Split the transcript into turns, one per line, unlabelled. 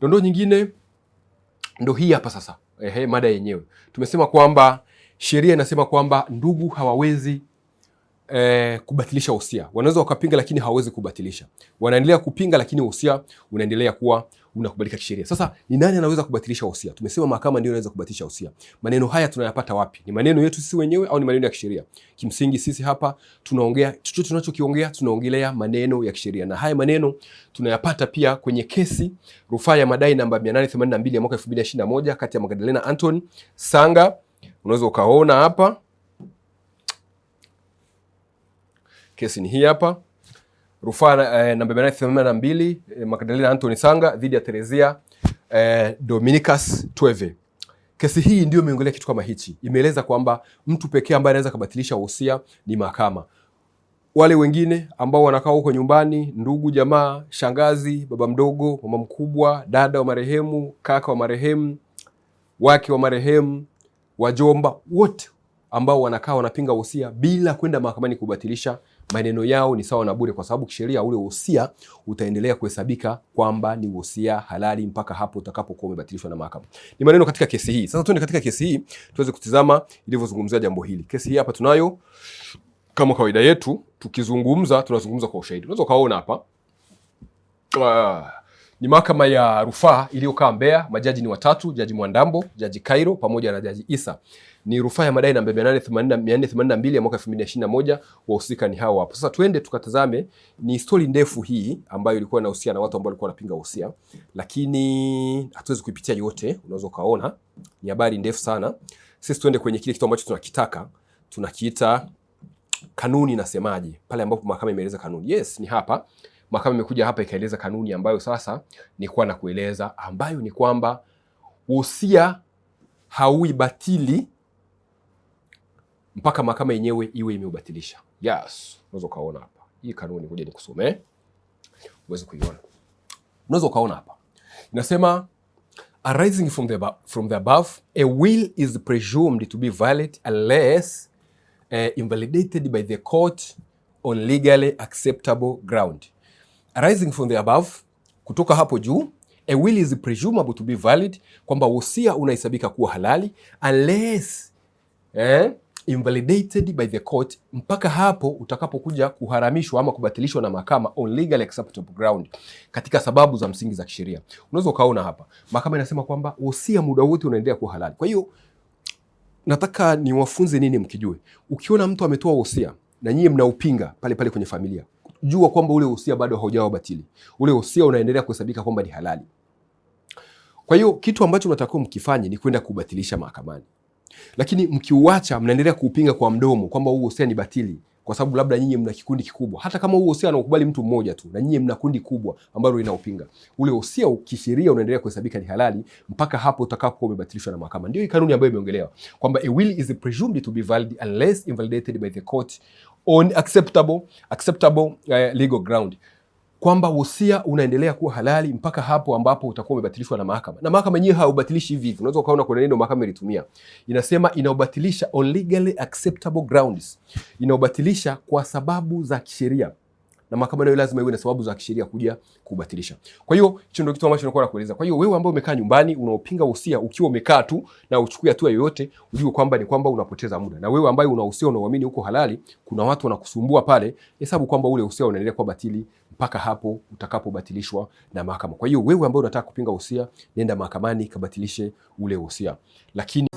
Dondoo nyingine ndo hii hapa sasa. Ehe, mada yenyewe tumesema kwamba sheria inasema kwamba ndugu hawawezi eh, kubatilisha wosia. Wanaweza wakapinga lakini hawawezi kubatilisha. Wanaendelea kupinga lakini wosia unaendelea kuwa unakubalika kisheria. Sasa ni nani anaweza kubatilisha wosia? Tumesema mahakama ndio inaweza kubatilisha wosia. Maneno haya tunayapata wapi? Ni maneno yetu sisi wenyewe au ni maneno ya kisheria? Kimsingi sisi hapa tunaongea chochote tunachokiongea tunaongelea maneno ya kisheria. Na haya maneno tunayapata pia kwenye kesi rufaa ya madai namba 882 ya mwaka 2021 kati ya Magdalena Anton Sanga unaweza ukaona hapa Kesi ni hii hapa, rufaa eh, namba 882 eh, Magdalena Anthony Sanga dhidi ya Teresia eh, Dominicus Tweve. Kesi hii ndio imeongelea kitu kama hichi, imeeleza kwamba mtu pekee ambaye anaweza kubatilisha wosia ni mahakama. Wale wengine ambao wanakaa huko nyumbani, ndugu jamaa, shangazi, baba mdogo, mama mkubwa, dada wa marehemu, kaka wa marehemu, wake wa marehemu, wajomba, wote ambao wanakaa wanapinga wosia bila kwenda mahakamani kubatilisha maneno yao ni sawa na bure, kwa sababu kisheria ule wosia utaendelea kuhesabika kwamba ni wosia halali mpaka hapo utakapokuwa umebatilishwa na mahakama. Ni maneno katika kesi hii. Sasa tuende katika kesi hii tuweze kutizama ilivyozungumzia jambo hili. Kesi hii hapa tunayo, kama kawaida yetu, tukizungumza tunazungumza kwa ushahidi. Unaweza ukaona hapa ah ni mahakama ya rufaa iliyokaa Mbeya. Majaji ni watatu, jaji Mwandambo, jaji Kairo pamoja na jaji Isa. Ni rufaa ya madai namba 482 ya mwaka 2021. Wahusika ni hawa hapo. Sasa tuende tukatazame, ni stori ndefu hii ambayo ilikuwa inahusiana na watu ambao walikuwa wanapinga uhusia, lakini hatuwezi kuipitia yote, unaweza ukaona ni habari ndefu sana. Sisi tuende kwenye kile kitu ambacho tunakitaka, tunakiita kanuni inasemaje, pale ambapo mahakama imeeleza kanuni. Yes, ni hapa mahakama imekuja hapa ikaeleza kanuni ambayo sasa na kueleza ambayo ni kwamba wosia batili mpaka mahakama yenyewe iwe imeubatilisha. Yes, unaweza ukaona hapa hii kanuni, ngoja nikusome uweze kuiona. Unaweza ukaona hapa inasema arising from the, from the above a will is presumed to be valid unless uh, invalidated by the court on legally acceptable ground Arising from the above, kutoka hapo juu, a will is presumable to be valid, kwamba wosia unahesabika kuwa halali unless eh, invalidated by the court, mpaka hapo utakapokuja kuharamishwa ama kubatilishwa na mahakama on legally acceptable ground, katika sababu za msingi za kisheria. Unaweza ukaona hapa mahakama inasema kwamba wosia muda wote unaendelea kuwa halali. Kwa hiyo nataka niwafunze nini mkijue, ukiona mtu ametoa wosia na nyie mnaupinga pale pale kwenye familia jua kwamba ule usia bado haujawa batili, ule usia unaendelea kuhesabika kwamba ni halali. Kwa hiyo kitu ambacho mnatakiwa mkifanye ni kwenda kubatilisha mahakamani, lakini mkiuacha, mnaendelea kuupinga kwa mdomo kwamba huu usia ni batili, kwa sababu labda nyinyi mna kikundi kikubwa. Hata kama huu usia anaukubali mtu mmoja tu, na nyinyi mna kundi kubwa ambalo linaupinga ule usia, kisheria unaendelea kuhesabika ni halali mpaka hapo utakapokuwa umebatilishwa na mahakama. Ndio hii kanuni ambayo imeongelewa kwamba a will is presumed to be valid unless invalidated by the court on acceptable, acceptable uh, legal ground kwamba wosia unaendelea kuwa halali mpaka hapo ambapo utakuwa umebatilishwa na mahakama, na mahakama yenyewe haubatilishi hivi hivi. Unaweza ukaona kuna neno mahakama ilitumia, inasema inaubatilisha on legally acceptable grounds, inaubatilisha kwa sababu za kisheria na mahakama nayo lazima iwe na sababu za kisheria kuja kubatilisha. Kwa hiyo hicho ndio kitu ambacho nilikuwa nakueleza. Kwa hiyo wewe ambaye umekaa nyumbani unaopinga wosia ukiwa umekaa tu na uchukue hatua yoyote, ujue kwamba ni kwamba unapoteza muda. Na wewe ambaye una wosia unaoamini uko halali, kuna watu wanakusumbua pale, hesabu kwamba ule wosia unaendelea kuwa batili mpaka hapo utakapobatilishwa na mahakama. Kwa hiyo wewe ambaye unataka kupinga wosia, nenda mahakamani kabatilishe ule wosia, lakini